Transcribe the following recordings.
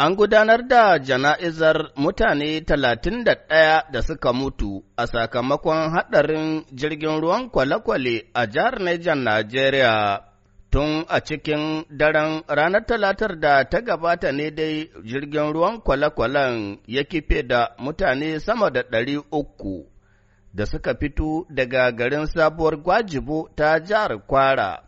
An gudanar da jana'izar mutane talatin da ɗaya da suka mutu a sakamakon haɗarin jirgin ruwan kwale-kwale a jihar Nijar, Najeriya. Tun a cikin daren ranar talatar da ta gabata ne dai jirgin ruwan kwale-kwalen ya kife da mutane sama da ɗari uku da suka fito daga garin sabuwar gwajibo ta jihar Kwara.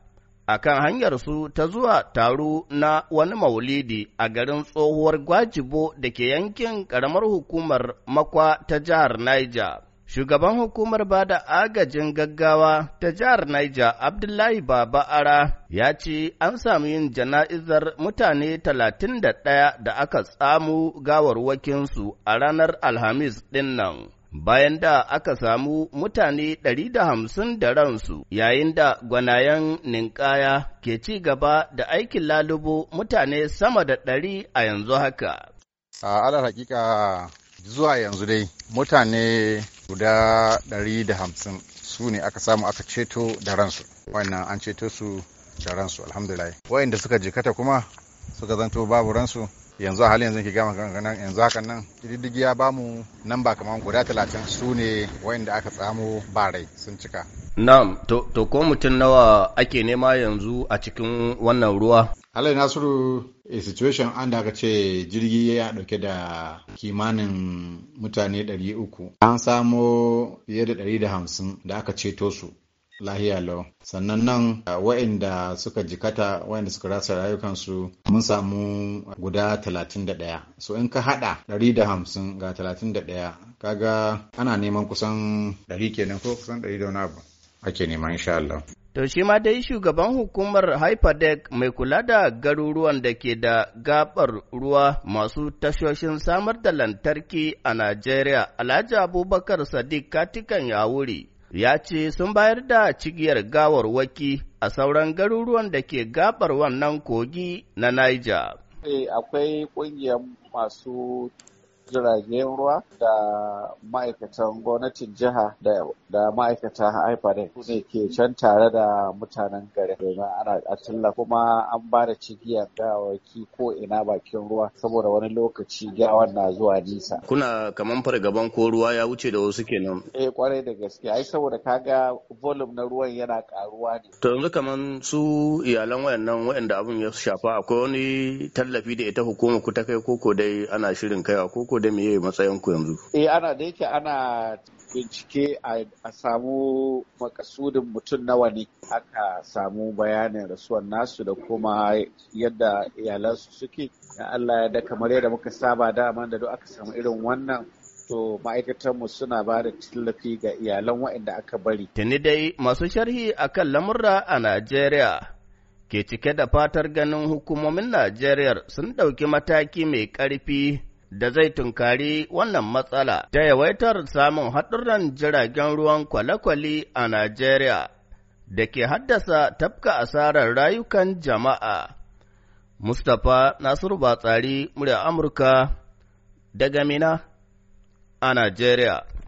a kan hanyarsu ta zuwa taro na wani maulidi a garin tsohuwar Gwajibo da ke yankin ƙaramar hukumar Makwa ta jihar Niger. Shugaban hukumar ba da agajin gaggawa ta jihar Niger Abdullahi Baba Ara ya ce an samu yin jana'izar mutane talatin da ɗaya da aka tsamu gawarwakinsu a ranar Alhamis ɗin nan. bayan da aka samu mutane ɗari da hamsin da ransu yayin da gwanayen ninkaya ke ci gaba da aikin lalubo mutane sama da ɗari a yanzu haka. A alal hakika zuwa yanzu dai mutane guda ɗari da hamsin su ne aka samu aka ceto da ransu. Wannan an ceto su da ransu alhamdulillah. Wayanda suka jikata kuma suka zanto babu ransu yanzu a halin yanzu ke gama yanzu hakan nan diddigi ya bamu nan ba kamar guda talatin su ne wayanda aka tsamo barai sun cika na'am to ko mutum nawa ake nema yanzu a cikin wannan ruwa alai nasiru a situation an da aka ce jirgi ya dauke da kimanin mutane 300 an samo fiye da 150 da aka ceto su lahiya lau sannan nan waɗanda suka jikata waɗanda suka rasa rayukansu mun samu guda 31 so in ka hada 150 ga 31 kaga ana neman kusan 100 kenan ko kusan 100 da wani abu ake neman, insha Allah To shi ma dai shugaban hukumar Hyperdeck mai kula da garuruwan da ke da gabar ruwa masu tashoshin samar da lantarki a Najeriya, Alhaji Abubakar Sadiq Katikan Yawuri ya ce sun bayar da cigiyar gawarwaki a sauran garuruwan da ke gabar wannan kogi na Niger. Eh, akwai ƙungiyar masu jiragen ruwa da ma'aikatan gwamnatin jiha da ma'aikatan haifa da ne ke can tare da mutanen gari domin ana atilla kuma an ba da cigiyar gawaki ko ina bakin ruwa saboda wani lokaci gawan na zuwa nisa. Kuna kaman fargaban ko ruwa ya wuce da wasu kenan. Eh kwarai da gaske ai saboda kaga volume na ruwan yana karuwa ne. To yanzu kaman su iyalan wayannan wayanda abun ya shafa akwai wani tallafi da ita hukuma ku ta kai koko dai ana shirin kaiwa koko da me matsayin ku yanzu eh ana da yake ana bincike a samu makasudin mutum nawa ne aka samu bayanin rasuwar nasu da kuma yadda iyalansu suke Allah ya da kamar yadda muka saba dama da duk aka samu irin wannan to ma'aikatanmu suna ba da tallafi ga iyalan waɗanda aka bari. Tuni dai masu sharhi akan kan lamurra a Najeriya ke cike da fatar ganin hukumomin Najeriya sun ɗauki mataki mai ƙarfi da zai tunkari wannan matsala ta yawaitar samun haɗurran jiragen ruwan kwale-kwale a Najeriya da ke haddasa tafka asarar rayukan jama'a. Mustapha Nasiru Batsari, murya Amurka, daga Mina a Najeriya.